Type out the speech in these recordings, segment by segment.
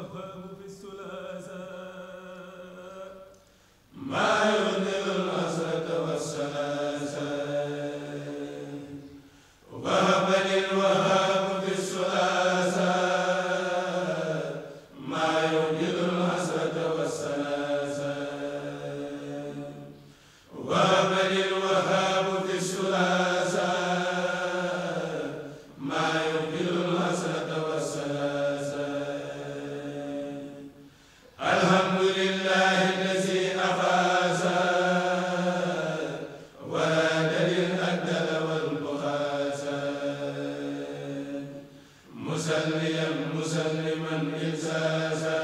الوهاب في السلاسل ساليا مسلما إلزازا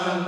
Amen.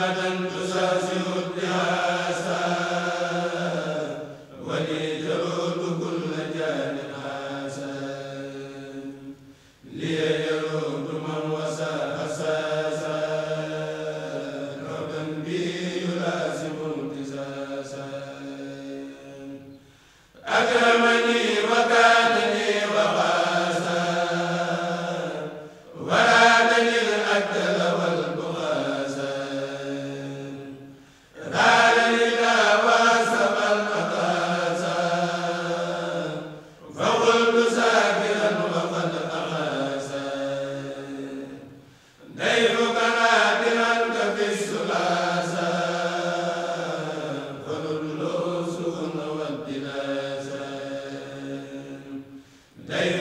day